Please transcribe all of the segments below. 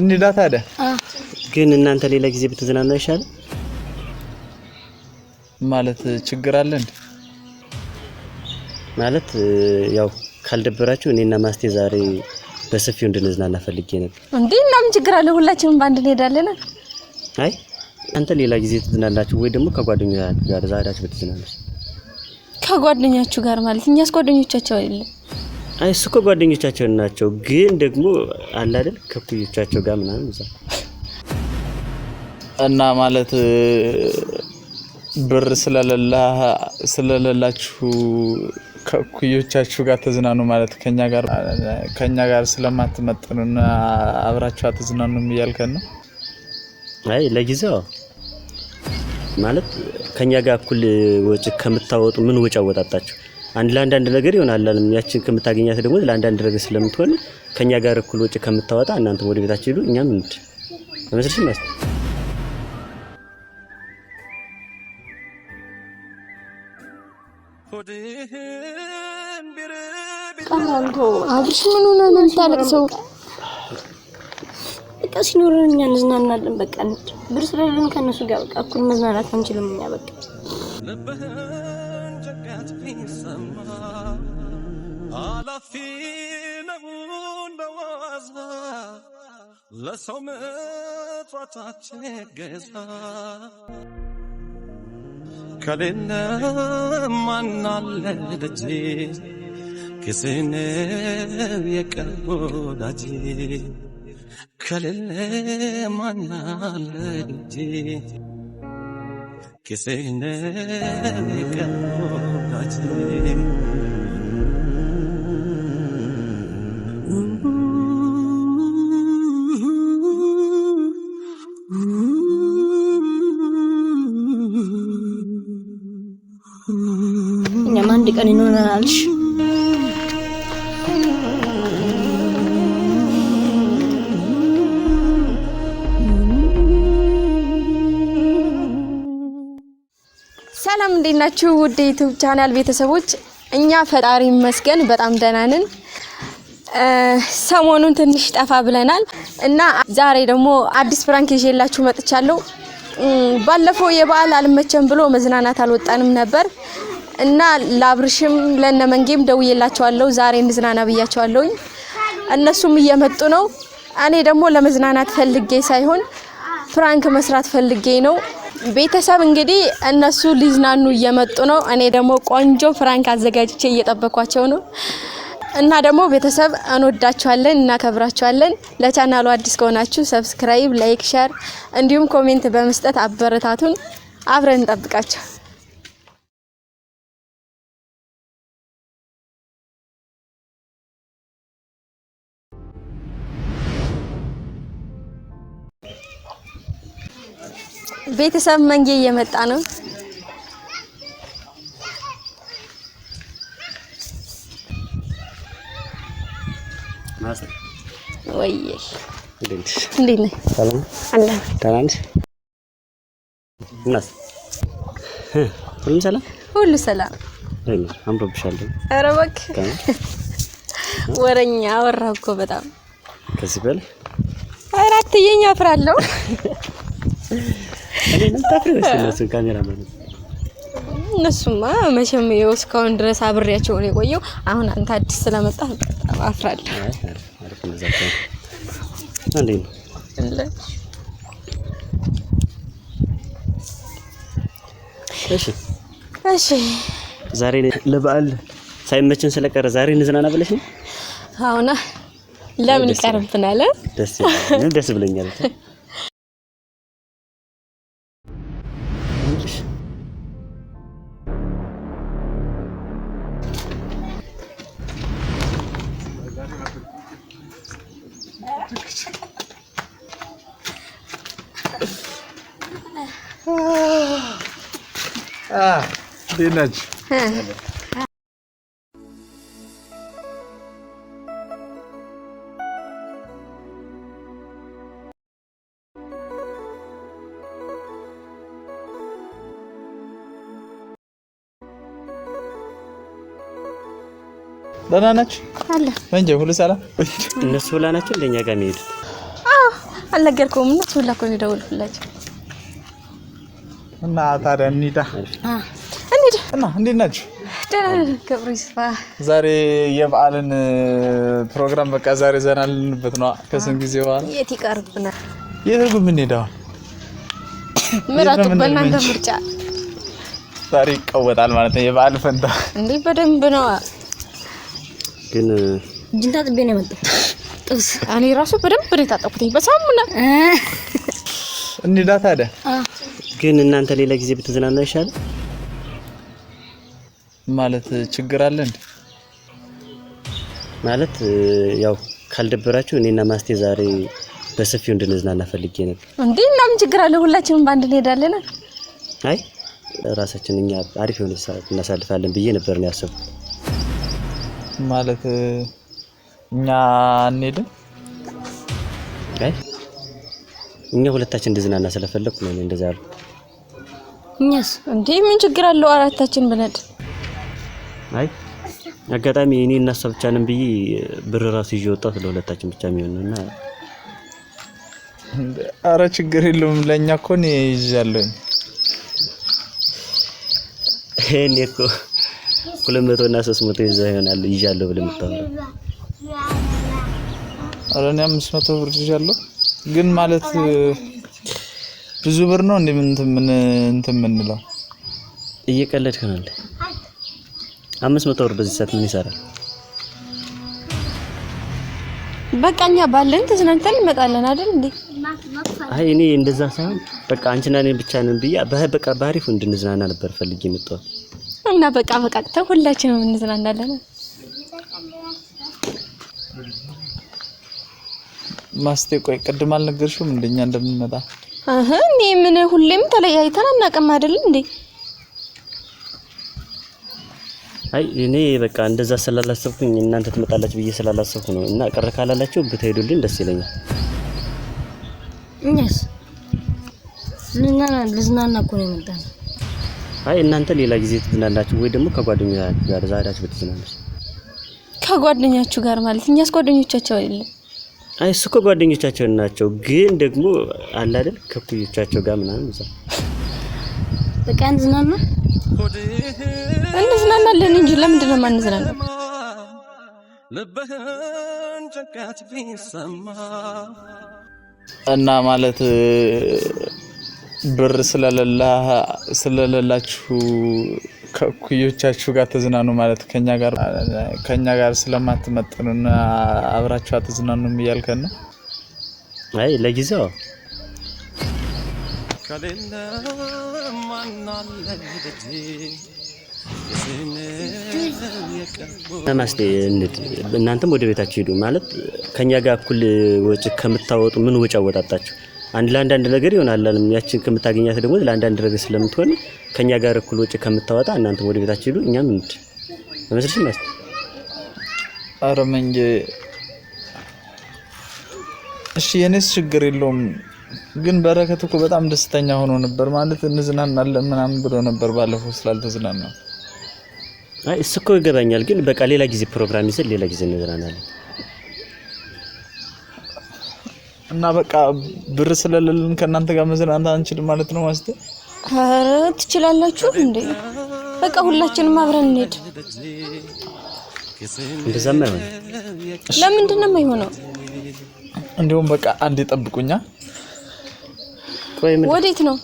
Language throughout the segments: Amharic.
እንዴዳ ታዲያ ግን እናንተ ሌላ ጊዜ ብትዝናና ይሻል ማለት ችግር አለ እንዴ? ማለት ያው ካልደበራችሁ እኔና ማስቴ ዛሬ በሰፊው እንድንዝናና ፈልጌ ነበር። እንዴ እና ምን ችግር አለ? ሁላችንም ባንድ እንሄዳለን። አይ አንተ ሌላ ጊዜ ትዝናናችሁ ወይ ደግሞ ከጓደኛችሁ ጋር ዛሬ ብትዝናናችሁ። ከጓደኛችሁ ጋር ማለት እኛስ ጓደኞቻቸው አይደለም እሱ እኮ ጓደኞቻቸውን ናቸው፣ ግን ደግሞ አላደል ከኩዮቻቸው ጋር ምናምን እዛ እና ማለት ብር ስለሌላችሁ ከኩዮቻችሁ ጋር ተዝናኑ ማለት ከኛ ጋር ስለማትመጥኑን አብራችሁ አትዝናኑም እያልከን ነው? አይ ለጊዜው ማለት ከኛ ጋር እኩል ወጪ ከምታወጡ ምን ወጪ አወጣጣችሁ? አንድ ለአንዳንድ ነገር ይሆናል። ያችን ከምታገኛት ደግሞ ለአንዳንድ ነገር ስለምትሆን ከእኛ ጋር እኩል ወጪ ከምታወጣ እናንተ ወደ ቤታችሁ ሄዱ፣ እኛም እንድ በመስርሽ ማለት አይመስልሽም? አብርሽ ምን ሆነ ምን የምታለቅሰው? በቃ ሲኖረን እኛ እንዝናናለን። በቃ ብር ስለሌለን ከእነሱ ጋር በቃ እኩል መዝናናት አንችልም እኛ በቃ ነበህን ኃላፊ ነው በዋዛ ለሰው መጥፋታችን ገዛ ከሌለ ማናለ ደጄ ክስንብ የቀርቦ ከሌለ ማናለ ክስንብ የቀርቦ አንድ ቀን ሰላም እንዴት ናችሁ? ውድ ዩቲዩብ ቻናል ቤተሰቦች፣ እኛ ፈጣሪ ይመስገን በጣም ደህና ነን። ሰሞኑን ትንሽ ጠፋ ብለናል እና ዛሬ ደግሞ አዲስ ፕራንክ ይዤላችሁ መጥቻለሁ። ባለፈው የበዓል አልመቸም ብሎ መዝናናት አልወጣንም ነበር። እና ላብርሽም ለነ መንጌም ደውዬላቸዋለሁ። ዛሬ እንዝናና ብያቸዋለሁኝ። እነሱም እየመጡ ነው። እኔ ደግሞ ለመዝናናት ፈልጌ ሳይሆን ፕራንክ መስራት ፈልጌ ነው። ቤተሰብ እንግዲህ እነሱ ሊዝናኑ እየመጡ ነው። እኔ ደግሞ ቆንጆ ፍራንክ አዘጋጅቼ እየጠበኳቸው ነው። እና ደግሞ ቤተሰብ እንወዳችኋለን፣ እናከብራችኋለን። ለቻናሉ አዲስ ከሆናችሁ ሰብስክራይብ፣ ላይክ፣ ሸር እንዲሁም ኮሜንት በመስጠት አበረታቱን። አብረን እንጠብቃቸው። ቤተሰብ መንጌ እየመጣ ነው። ወይዬ እንዴት ነህ? ሁሉ ሰላም ሁሉ ሰላም። አምሮብሻል። ኧረ እባክህ ወረኛ አወራህ እኮ በጣም ከዚህ በል ኧረ አትየኝ፣ አፍራለሁ እነሱን እነሱማ መቼም ይኸው እስካሁን ድረስ አብሬያቸው ነው የቆየው። አሁን አንተ አዲስ ስለመጣ በጣም አፍራለሁ። እሺ ዛሬ ለበዓል ሳይመችን ስለቀረ ዛሬ እንዝናና ብለሽ ነው? አሁና ለምን ይቀርብናል? ደስ ደስ ብለኛል። እንዴት ናችሁ? ደህና ናችሁ? አለ ወንጀ ሁሉ ሰላም። እነሱ ሁላ ናቸው እንደኛ ጋር የሚሄዱት። አዎ አልነገርኩም። እነሱ ሁላ እኮ ነው የደወልኩላቸው እና ታዲያ እንሂዳ እና እንዴት ናችሁ? ደህና ነን፣ ክብሩ ይስፋ። ዛሬ የበዓልን ፕሮግራም በቃ ዛሬ ዘና ልንበት ነው። ከስንት ጊዜ በኋላ የት ይቀርብናል? የት ነው የምንሄደዋል? ምረጡ፣ በእናንተ ምርጫ። ዛሬ ይቀወጣል ማለት ነው የበዓል ፈንታ። እንዴ በደንብ ነው ግን እጅን ታጥቤ ነው የመጣሁት። ጥብስ እኔ ራሱ በደንብ ነው የታጠብኩትኝ በሳሙና። እንሂዳ ታዲያ። ግን እናንተ ሌላ ጊዜ ብትዝናና አይሻልም? ማለት ችግር አለ እንዴ? ማለት ያው ካልደበራችሁ እኔና ማስቴ ዛሬ በሰፊው እንድንዝናና ፈልጌ ነበር። እንዴ እና ምን ችግር አለ? ሁላችንም በአንድ እንሄዳለን። አይ ራሳችን እኛ አሪፍ የሆነ ሰዓት እናሳልፋለን ብዬ ነበር ነው ያሰብኩት። ማለት እኛ እንሄድም? አይ እኛ ሁለታችን እንድዝናና ስለፈለኩ ነው እንደዛ ያልኩት። እኛስ እንዴ ምን ችግር አለው አራታችን ብንሄድ አይ አጋጣሚ እኔ እና እሷ ብቻ ነን ብዬ ብር ራሱ ይዤ ወጣሁ። ለሁለታችን ብቻ የሚሆን እና አረ ችግር የለውም ለእኛ እኮ እኔ ይዣለሁኝ። እኔ እኮ ሁለት መቶ እና ሶስት መቶ ይዛ ይሆናል ይዣለሁ ብለህ የምታወራው። አረ እኔ አምስት መቶ ብር ይዣለሁ። ግን ማለት ብዙ ብር ነው እንዴ? ምን እንትን የምንለው እየቀለድክ ነው አምስት መቶ ብር በዚህ ሰዓት ምን ይሰራል? በቃ እኛ ባለን ተዝናንተን እንመጣለን አይደል እንዴ? አይ እኔ እንደዛ ሳይሆን በቃ አንቺና እኔ ብቻ ነን ብዬ በቃ ባሪፉ እንድንዝናና ነበር ፈልጌ የመጣሁት እና በቃ በቃ በቃቅተን ሁላችንም እንዝናናለን። ማስቴ ቆይ ቅድም አልነገርሽውም እንደኛ እንደምንመጣ? አህ እኔ ምን ሁሌም ተለያይተን አናውቅም አይደል እንዴ? አይ እኔ በቃ እንደዛ ስላላሰብኩኝ እናንተ ትመጣላችሁ ብዬ ስላላሰብኩ ነው። እና ቅር ካላላችሁ ብትሄዱልን ደስ ይለኛል። እኛስ ልዝናና እኮ ነው የመጣነው። አይ እናንተ ሌላ ጊዜ ትዝናናችሁ ወይ ደግሞ ከጓደኞቻችሁ ጋር ዛሬያችሁ ብትዝናናችሁ። ከጓደኛችሁ ጋር ማለት እኛስ ጓደኞቻቸው አይደለም። አይ እሱ ከጓደኞቻቸው ናቸው፣ ግን ደግሞ አለ አይደል ከኩዮቻቸው ጋር ምናምን በቃ እንዝናና እንዝናናለን እንጂ ለምንድን ነው ቢሰማ እና ማለት ብር ስለሌላችሁ ከኩዮቻችሁ ጋር ተዝናኑ ማለት ከኛ ጋር ስለማትመጥኑና አብራችሁ አትዝናኑም እያልከን ነው? አይ ለጊዜው ከሌለ ማስቴ እናንተም ወደ ቤታችሁ ሄዱ ማለት ከኛ ጋር እኩል ወጪ ከምታወጡ ምን ወጪ አወጣጣችሁ? አንድ ለአንዳንድ ነገር ይሆናል። ያችን ከምታገኛት ደግሞ ለአንዳንድ ነገር ስለምትሆን ከኛ ጋር እኩል ወጪ ከምታወጣ እናንተም ወደ ቤታችሁ ሄዱ፣ እኛም እንድ በመስልሽ ማስ አረ እሺ፣ የኔስ ችግር የለውም ግን በረከት እኮ በጣም ደስተኛ ሆኖ ነበር ማለት እንዝናናለን ምናምን ብሎ ነበር ባለፈው ስላልተዝናና አይ እሱ እኮ ይገባኛል። ግን በቃ ሌላ ጊዜ ፕሮግራም ይዘን ሌላ ጊዜ እንዝናናለን እና በቃ ብር ስለሌለን ከእናንተ ጋር መዝናናት አንችልም ማለት ነው ማስተ ኧረ ትችላላችሁ እንዴ? በቃ ሁላችንም አብረን እንሄድ። እንደዛማ ይሆናል። ለምንድን ነው የማይሆነው? እንዲሁም በቃ አንዴ ጠብቁኛ ወይ ምን? ወዴት ነው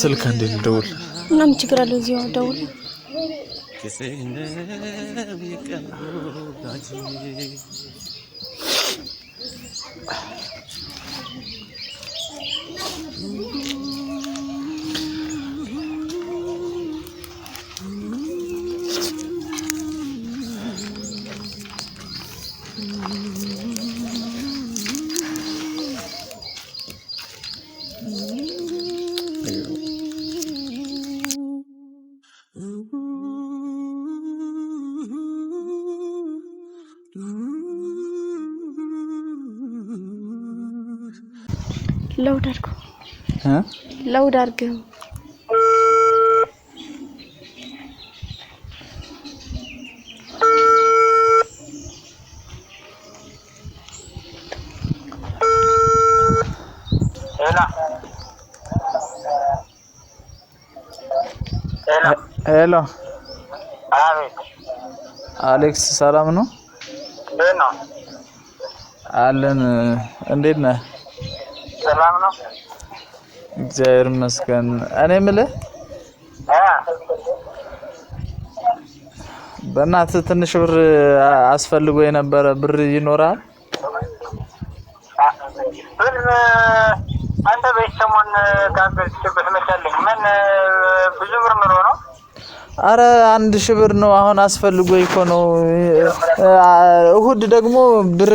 ስልክ? አንዴ ልደውል እና ምን ችግር አለው? እዚሁ ደውል። ለውድ አድርገው ለውድ አድርገው ሄሎ፣ አሌክስ ሰላም ነው አለን። እንዴት ነህ? ሰላም ነው? እግዚአብሔር ይመስገን። እኔ የምልህ በእናትህ ትንሽ ብር አስፈልጎ የነበረ ብር ይኖራል? ብር አንተ ቤት ሰሞን ጋር አረ አንድ ሺህ ብር ነው አሁን አስፈልጎ እኮ ነው። እሁድ ደግሞ ብር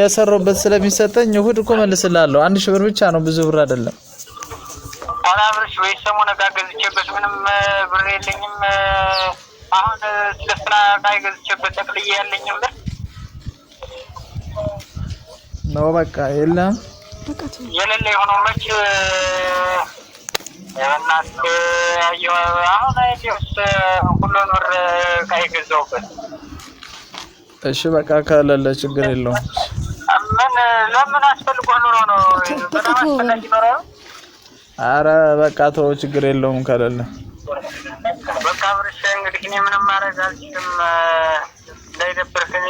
የሰራሁበት ስለሚሰጠኝ እሁድ እኮ መልስላለሁ። አንድ ሺህ ብር ብቻ ነው፣ ብዙ ብር አይደለም። አላብርሽ ወይ ሰሞኑን ዕቃ ገዝቼበት ምንም ብር የለኝም። አሁን ስለ ስራ ዕቃ ገዝቼበት ጠቅልዬ ያለኝም ብር ነው። በቃ የለም የሌለ የሆነው መች እናት አሁን አይቴ ውስጥ ሁሉን ወር ቀይ ገዛውበት። እሺ በቃ ካለለ ችግር የለውም። ምን ለምን አስፈልጎ ኑሮ ነው? በጣም አስፈላጊ ነው። አረ በቃ ተው፣ ችግር የለውም ካለለ በቃ ብርሽ። እንግዲህ እኔ ምንም ማድረግ አልችልም። እንዳይደብርህ እኔ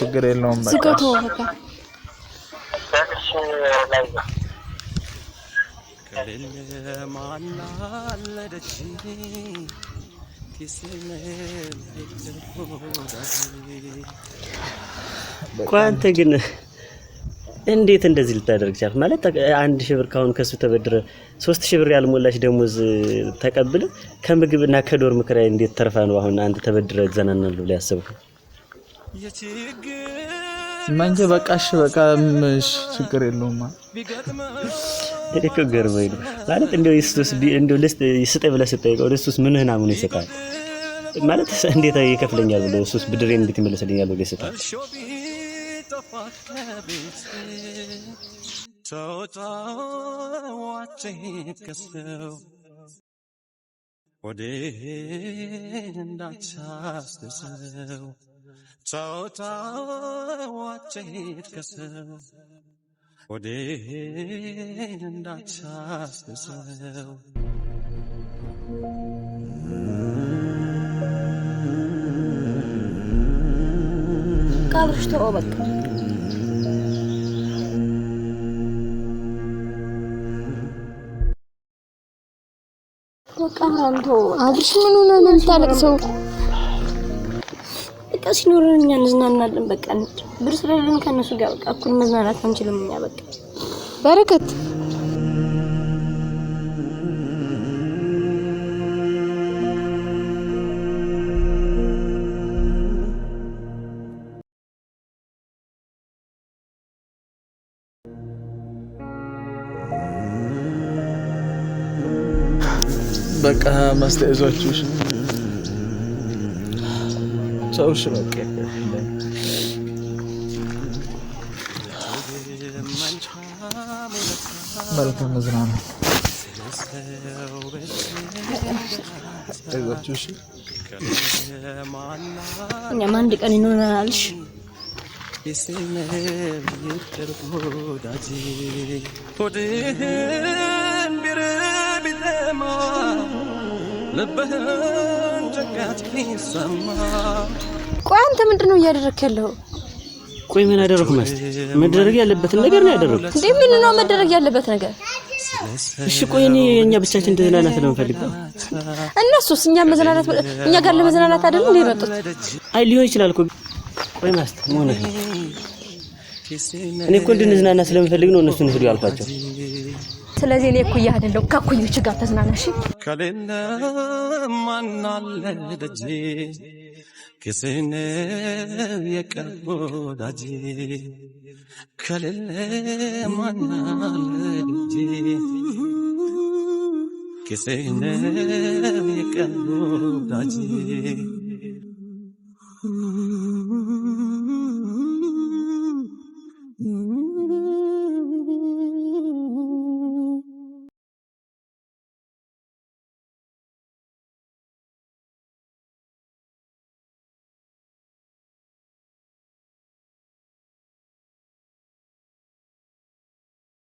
ችግር የለውም። በቃ እሺ፣ በቃ የለውም በቃ ክልል ማናለደች ኳንተ ግን እንዴት እንደዚህ ልታደርግ ቻልክ? ማለት አንድ ሺህ ብር ካሁን ከሱ ተበድረ ሶስት ሺህ ብር ያልሞላች ደሞዝ ተቀብለ ከምግብና ከዶር ምክራይ እንዴት ተርፋ ነው አሁን አንተ ተበድረ ዘናናሉ ብለህ ያሰብከው? መንጀ በቃሽ፣ በቃ ችግር የለውማ እኔ እኮ ገርሞኝ ነው ማለት እንደው ኢየሱስ እንደው ልስጥ ስጠኝ ብለህ ስጠይቀው ኢየሱስ ምንህን አምኖ ይሰጣል ማለት እንዴት ይከፍለኛል ብሎ ኢየሱስ ብድሬን እንዴት ይመለስልኛል ብሎ ይሰጣል። ተወጣዋቼ ከሰው ወዴን እንዳታስሰው ቀብርሽ ተወው በቃ። አብርሽ ምን ሆነ ነው የምታለቅሰው? በቃ ሲኖረን እኛ እንዝናናለን። በቃ እንሂድ ብር ስለሌለን ከነሱ ጋር በቃ እኩል መዝናናት አንችልም። እኛ በቃ በረከት በቃ ማስተያየዟችሁ ሰውሽ በቃ መልካም መዝናናት እኛም አንድ ቀን ይኖረናልሽ። ቆይ አንተ ምንድን ነው እያደረክ ቆይ ምን አደረኩ? ማለት መደረግ ያለበትን ነገር ነው ያደረኩት። እንዴ ምን ነው መደረግ ያለበት ነገር? እሺ ቆይ እኔ እኛ ብቻችን እንድንዝናናት ነው የምፈልገው። እነሱስ እኛ መዝናናት እኛ ጋር ለመዝናናት አይደል እንዴ መጡት? አይ ሊሆን ይችላል እኮ ቆይ ማለት ምን ነው እኔ እኮ እንድንዝናና ስለምፈልግ ነው እነሱን ሂዱ ያልኳቸው። ስለዚህ እኔ እኮ እኩያ አይደለሁ ከእኩዮች ጋር ተዝናናሽ ከሌለ ማናለ ደጄ ክስህን የቀርቦ ወዳጄ ከሌለ ማናለ ልጄ ክስህን የቀርቦ